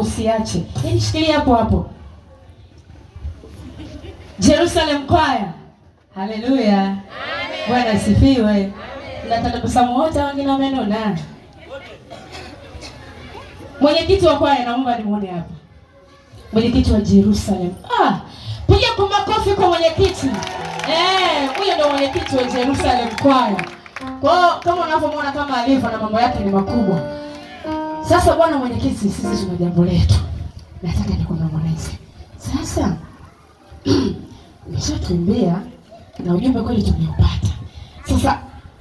usiache. Yaani hapo hapo. Jerusalem kwaya. Haleluya. Amen. Bwana asifiwe. Nataka kusamu wote wengine wamenona. Mwenyekiti wa kwaya naomba nimuone hapa. Mwenyekiti wa Jerusalem. Ah, piga kwa makofi kwa mwenyekiti. Eh, huyo ndio mwenyekiti wa Jerusalem kwaya. Kwa kama unavyomwona kama alivyo na mambo yake ni makubwa. Sasa bwana mwenyekiti, sisi tuna jambo letu, nataka nikunong'oneze sasa. Umeshatumbia na ujumbe kweli tumeupata. Sasa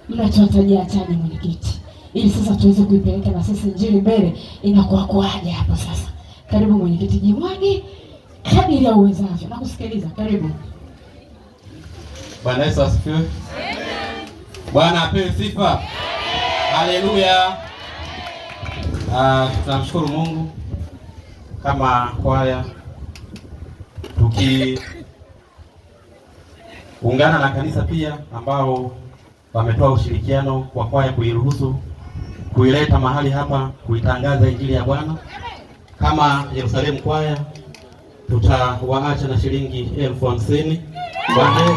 mnatuatajia tani mwenyekiti, ili sasa tuweze kuipeleka na sisi njiri mbele, inakuwa kuaje hapo sasa? Karibu mwenyekiti Jimwage, kadiri ya uwezavyo, nakusikiliza. Karibu. Bwana Yesu asifiwe. Bwana apewe sifa. Haleluya. Uh, tunamshukuru Mungu kama kwaya tukiungana na kanisa pia ambao wametoa ushirikiano kwa kwaya kuiruhusu kuileta mahali hapa kuitangaza injili ya Bwana. Kama Yerusalemu kwaya tutawaacha na shilingi elfu hamsini. Bwana Yesu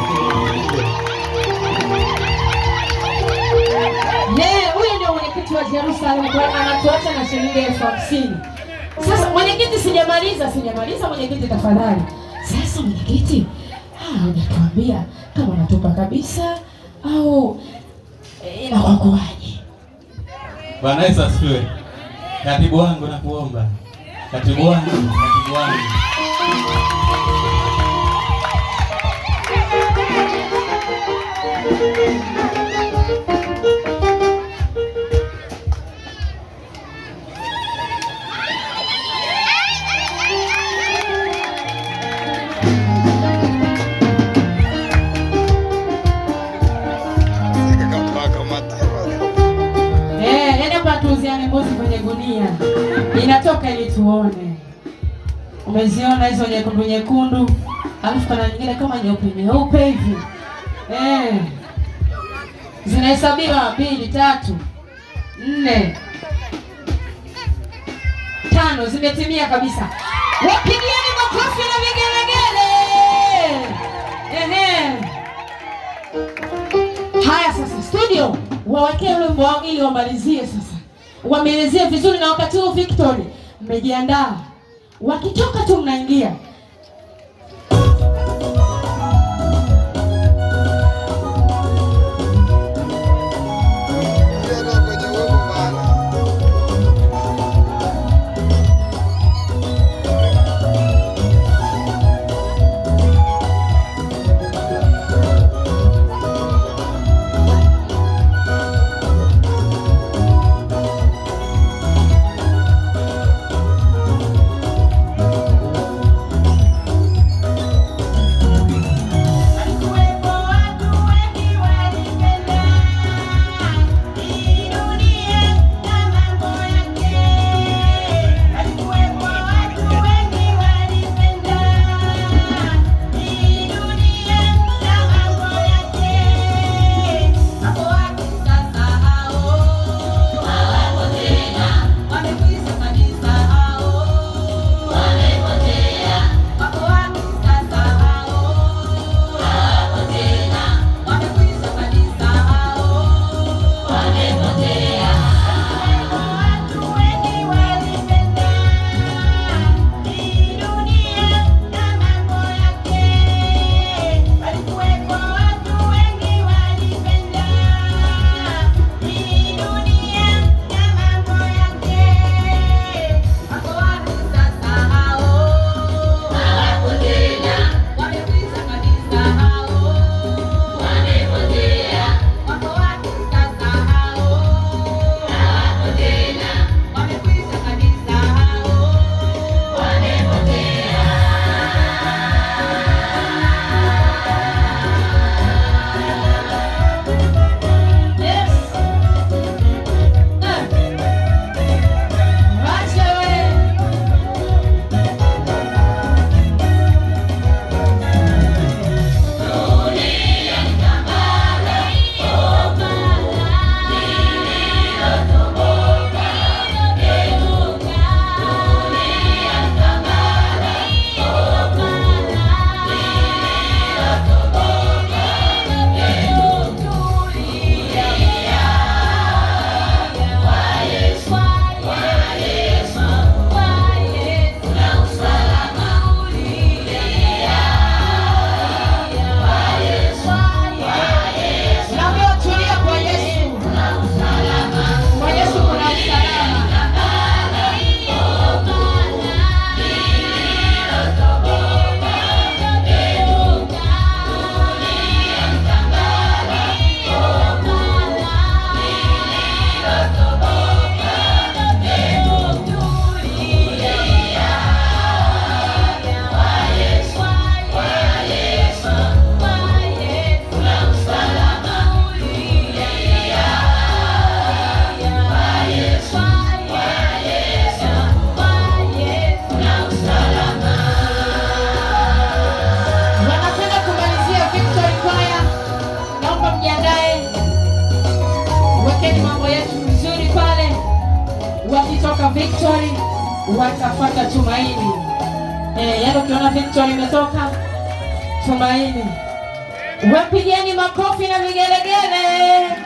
mwenyekiti wa Jerusalem anatuacha na shilingi elfu hamsini. Sasa mwenyekiti, sijamaliza sijamaliza mwenyekiti, tafadhali. Sasa mwenyekiti, hujatuambia ah, kama natupa kabisa au eh, inakuwaje? Bwana Yesu asifiwe. Katibu wangu nakuomba, katibu wangu, katibu wangu tuone. Umeziona hizo nyekundu nyekundu, alafu kuna nyingine kama nyeupe nyeupe hivi eh, zinahesabiwa mbili, tatu, nne, tano, zimetimia kabisa. Wapigieni makofi na vigelegele. Ehe, haya sasa, studio wawekee wimbo ili wamalizie sasa, wamelezie vizuri, na wakati huu Victory mmejiandaa, wakitoka tu mnaingia Victory watafata Tumaini. Eh, yaani ukiona Victory imetoka Tumaini, wapigeni makofi na vigelegele.